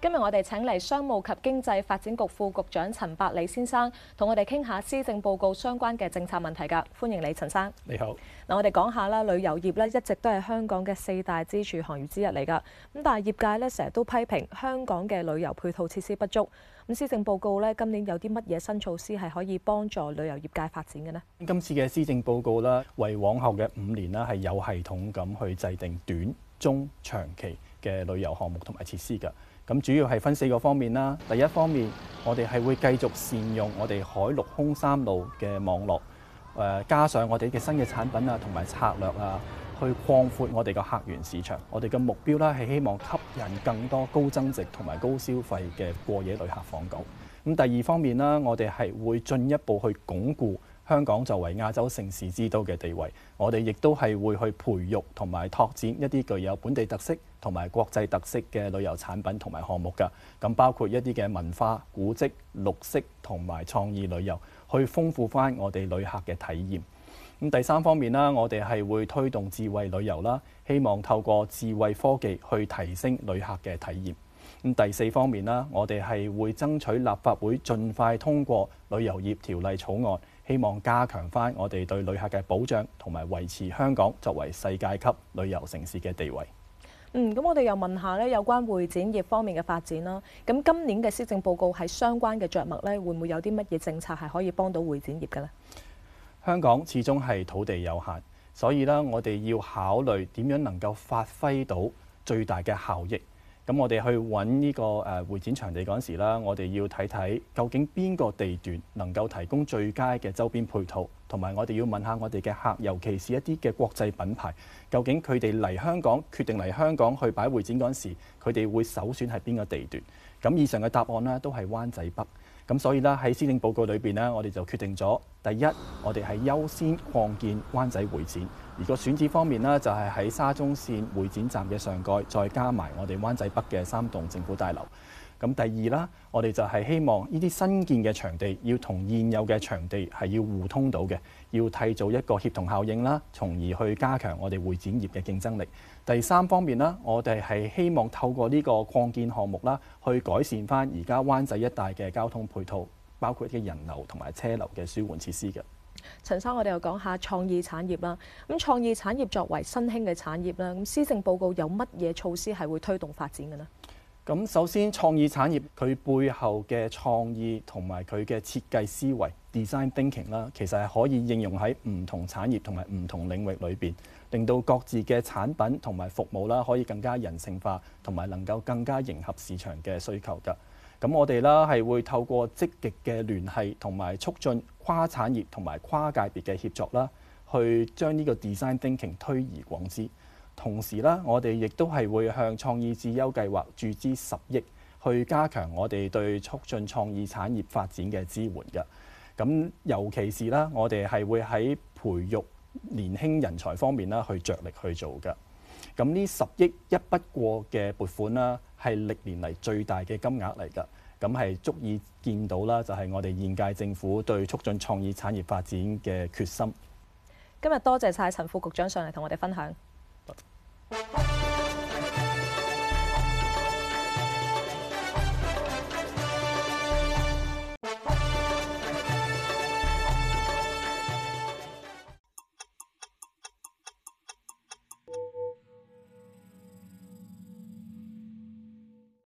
今日我哋請嚟商務及經濟發展局副，副局長陳百里先生，同我哋傾下施政報告相關嘅政策問題。噶，歡迎你，陳生。你好。嗱、呃，我哋講下啦，旅遊業咧一直都係香港嘅四大支柱行業之一嚟㗎。咁但係業界咧成日都批評香港嘅旅遊配套設施不足。咁施政報告咧今年有啲乜嘢新措施係可以幫助旅遊業界發展嘅呢？今次嘅施政報告啦，為往後嘅五年啦係有系統咁去制定短、中、長期嘅旅遊項目同埋設施㗎。咁主要係分四個方面啦。第一方面，我哋係會繼續善用我哋海陸空三路嘅網絡，誒、呃，加上我哋嘅新嘅產品啊，同埋策略啊，去擴闊我哋嘅客源市場。我哋嘅目標啦，係希望吸引更多高增值同埋高消費嘅過夜旅客訪港。咁第二方面啦，我哋係會進一步去鞏固。香港作為亞洲城市之都嘅地位，我哋亦都係會去培育同埋拓展一啲具有本地特色同埋國際特色嘅旅遊產品同埋項目㗎。咁包括一啲嘅文化、古蹟、綠色同埋創意旅遊，去豐富翻我哋旅客嘅體驗。咁第三方面啦，我哋係會推動智慧旅遊啦，希望透過智慧科技去提升旅客嘅體驗。咁第四方面啦，我哋係會爭取立法會盡快通過旅遊業條例草案。希望加強返我哋對旅客嘅保障，同埋維持香港作為世界級旅遊城市嘅地位。嗯，咁我哋又問下咧，有關會展業方面嘅發展啦。咁今年嘅施政報告喺相關嘅着墨咧，會唔會有啲乜嘢政策係可以幫到會展業嘅呢？香港始終係土地有限，所以咧，我哋要考慮點樣能夠發揮到最大嘅效益。咁我哋去揾呢個誒會展場地嗰陣時啦，我哋要睇睇究竟邊個地段能夠提供最佳嘅周邊配套，同埋我哋要問下我哋嘅客，尤其是一啲嘅國際品牌，究竟佢哋嚟香港決定嚟香港去擺會展嗰陣時，佢哋會首選喺邊個地段？咁以上嘅答案呢，都係灣仔北。咁所以呢喺施政報告裏邊咧，我哋就決定咗，第一，我哋係優先擴建灣仔會展；而個選址方面咧，就係喺沙中綫會展站嘅上蓋，再加埋我哋灣仔北嘅三棟政府大樓。咁第二啦，我哋就係希望呢啲新建嘅場地要同現有嘅場地係要互通到嘅，要締造一個協同效應啦，從而去加強我哋會展業嘅競爭力。第三方面啦，我哋係希望透過呢個擴建項目啦，去改善翻而家灣仔一帶嘅交通配套，包括啲人流同埋車流嘅舒緩設施嘅。陳生，我哋又講下創意產業啦。咁創意產業作為新興嘅產業啦，咁施政報告有乜嘢措施係會推動發展嘅呢？咁首先，創意產業佢背後嘅創意同埋佢嘅設計思維 （design thinking） 啦，其實係可以應用喺唔同產業同埋唔同領域裏面，令到各自嘅產品同埋服務啦，可以更加人性化同埋能夠更加迎合市場嘅需求㗎。咁我哋啦係會透過積極嘅聯繫同埋促進跨產業同埋跨界別嘅協作啦，去將呢個 design thinking 推而廣之。同時呢，我哋亦都係會向創意智優計劃注資十億，去加強我哋對促進創意產業發展嘅支援嘅。咁尤其是啦，我哋係會喺培育年輕人才方面呢，去着力去做嘅。咁呢十億一筆過嘅撥款啦，係歷年嚟最大嘅金額嚟㗎。咁係足以見到啦，就係我哋現屆政府對促進創意產業發展嘅決心。今日多謝晒陳副局長上嚟同我哋分享。